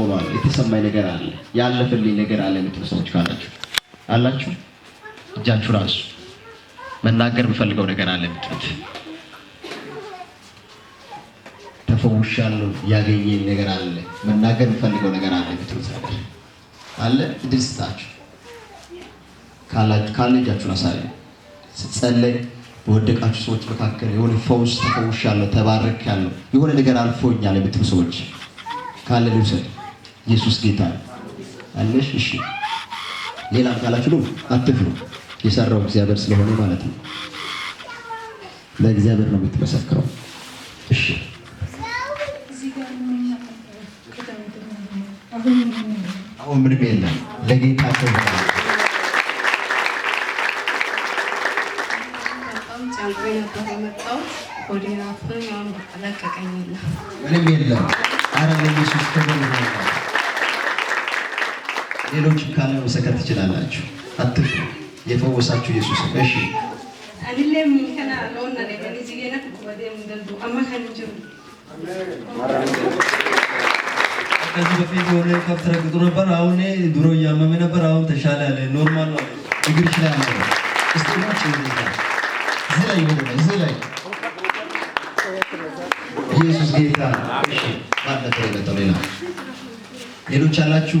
ሆኗል። የተሰማኝ ነገር አለ፣ ያለፈልኝ ነገር አለ የምትሉ ሰዎች ካላችሁ አላችሁ እጃችሁ ራሱ መናገር የምፈልገው ነገር አለ የምትሉት ተፈውሻለሁ ያገኘኝ ነገር አለ መናገር የምፈልገው ነገር አለ የምትሉት ነገር አለ። እድል ስጣችሁ ካለ እጃችሁን አሳዩ። ስጸለይ በወደቃችሁ ሰዎች መካከል የሆነ ፈውስ ተፈውሻለሁ፣ ተባረክ ያለው የሆነ ነገር አልፎኛል የምትሉ ሰዎች ካለ ልውሰድ ኢየሱስ ጌታ አለሽ። እሺ ሌላም ካላችሁ አትፍሩ፣ የሰራው እግዚአብሔር ስለሆነ ማለት ነው። ለእግዚአብሔር ነው የምትመሰክረው። እሺ አሁን ምንም የለም ለጌታ ምንም የለም። አረ ለኢየሱስ ሌሎች ካለ መሰከር ትችላላችሁ። አትፍ የፈወሳችሁ ኢየሱስ ነው። እሺ ከዚህ በፊት የሆነ ከብት ረግጦ ነበር። አሁን ድሮ እያመመ ነበር። አሁን ተሻለ ያለ ኖርማል ነው። እግር ይችላል አለ። እስቲ እዚህ ላይ ሆነ እዚህ ላይ ኢየሱስ ጌታ። እሺ ባለፈው የመጣው ሌላ ሌሎች አላችሁ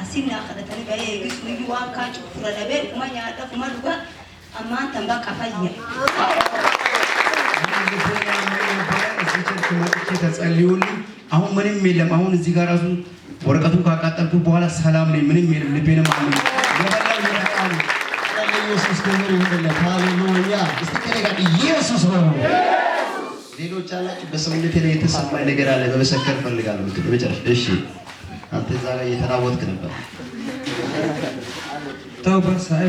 asinaa kadhatanii bahee eegisitu waan kaan cufura dhabee dhuma nyaata dhuma dhuga ammaan tambaa ተጸልዩልኝ። አሁን ምንም የለም። አሁን እዚህ ጋር ራሱ ወረቀቱን ካቃጠልኩ በኋላ ሰላም ነኝ። ምንም የለም። ልቤንም አመኝ ኢየሱስ ክብር ይሁንለት። ሃሌሉያ። እስቲ ኢየሱስ ነው። ሌሎች አላችሁ። በሰውነቴ ላይ የተሰማኝ ነገር አለ መመሰከር እፈልጋለሁ። መጨረሻ እሺ አንተ እዛ ላይ እየተናወጥክ ነበር። ተው በርሳ አይ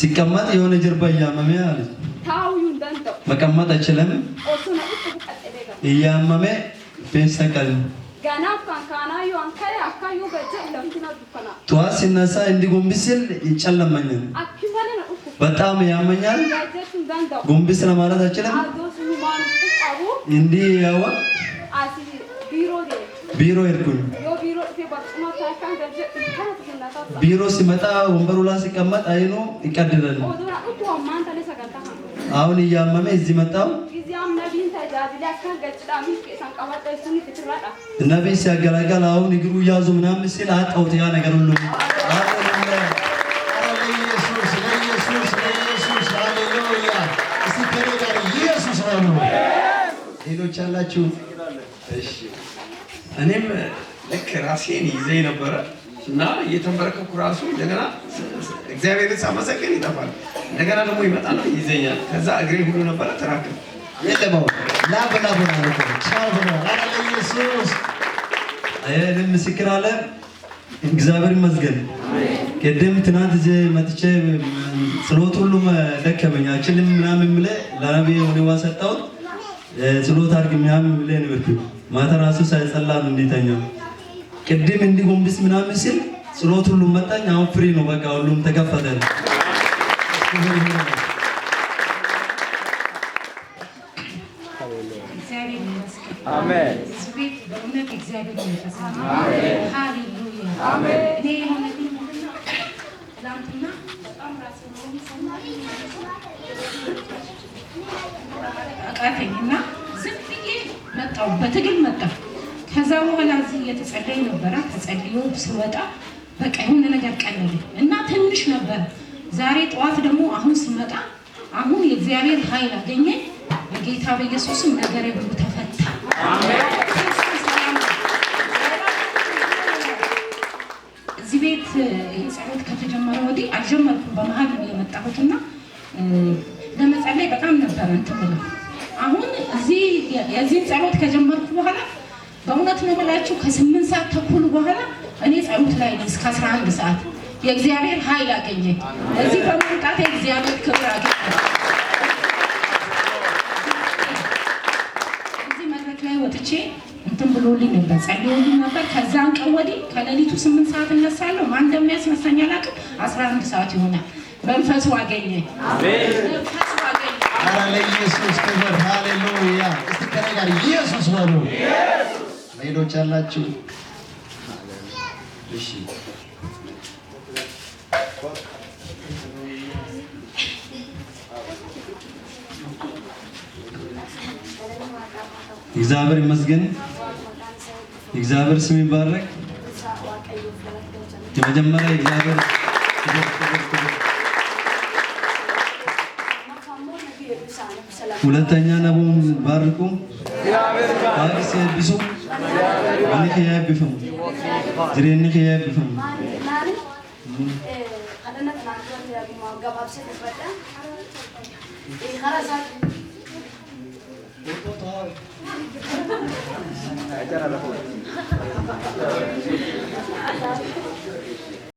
ሲቀመጥ የሆነ ጀርባ እያመመ አለች። መቀመጥ አይችልም እያመመ ቤንሰቀል ጠዋት ሲነሳ እንዲጎንብስ ሲል ይጨለመኛል፣ በጣም ያመኛል። ጎንብስ ለማለት አይችልም እንዲህ ያወቅ ቢሮ ሄድኩኝ። ቢሮ ሲመጣ ወንበሩ ላይ ሲቀመጥ አይኑ ይቀድላል። አሁን እያመመ እዚህ መጣሁ። ነቢይ ሲያገላገል አሁን እግሩ እያዙ ምናምን ሲል አጣሁት ያ ነገር ሁሉ ሌሎች አላችሁ። እኔም ልክ ራሴን ይዜ ነበረ እና እየተንበረከኩ ራሱ እንደገና እግዚአብሔር ሳመሰግን ይጠፋል። እንደገና ደግሞ ይመጣል ይዘኛል። ከዛ እግሬ ሁሉ ነበረ ተራክም የለማው ላብላቡና ኢየሱስ ይህንን ምስክር አለ እግዚአብሔር ይመስገን። ቅድም ትናንት እዚህ መጥቼ ስሎት ሁሉ ደከመኝ አችልም ምናምን ብለህ ለነቢ ሆኔዋ ሰጠሁት ስሎት አድርግ ምናምን ብለህ ነበር ማታ ራሱ ሳይጸላ እንዲተኛ። ቅድም እንዲጎንብስ ምናምን ሲል ጽሎት ሁሉም መጣኝ። አሁን ፍሪ ነው በቃ ሁሉም ተከፈተ። አሜን። አሜን መጣሁ፣ በትግል መጣ። ከዛ በኋላ እዚህ እየተጸለይ ነበረ። ተጸልዮ ስወጣ በቃ የሆነ ነገር ቀለለ እና ትንሽ ነበረ። ዛሬ ጠዋት ደግሞ አሁን ስመጣ አሁን የእግዚአብሔር ኃይል አገኘ። በጌታ በኢየሱስም ነገር ሁሉ ተፈታ። እዚህ ቤት የጸሎት ከተጀመረ ወዲህ አልጀመርኩም፣ በመሀል ነው የመጣሁትና ለመጸለይ በጣም ነበረ እንትን ብለው አሁን እዚህ የዚህን ጸሎት ከጀመርኩ በኋላ በእውነት ነው የምላችሁ ከስምንት ሰዓት ተኩል በኋላ እኔ ጸሎት ላይ ነኝ እስከ አስራ አንድ ሰዓት የእግዚአብሔር ኃይል አገኘ። እዚህ በመምጣት የእግዚአብሔር ክብር አገኘ። እዚህ መድረክ ላይ ወጥቼ እንትን ብሎልኝ ነበር ጸልዮልኝ ነበር። ከዛን ቀን ወዲህ ከሌሊቱ ስምንት ሰዓት እነሳለሁ። ማን እንደሚያስነሳኝ አላውቅም። አስራ አንድ ሰዓት ይሆናል። መንፈሱ አገኘኝ። አረ ለኢየሱስ ክብር ሃሌሉያ። እስቲ ከኔ ጋር ኢየሱስ በሉ። ሌሎች ያላችሁ እሺ እግዚአብሔር ይመስገን። እግዚአብሔር ስም ይባረክ። የመጀመሪያ እግዚአብሔር ሁለተኛ ነቦም ባርቁ ሀቂስ የብሱ አንክ የብፈሙ ጅሬንክ የብፈሙ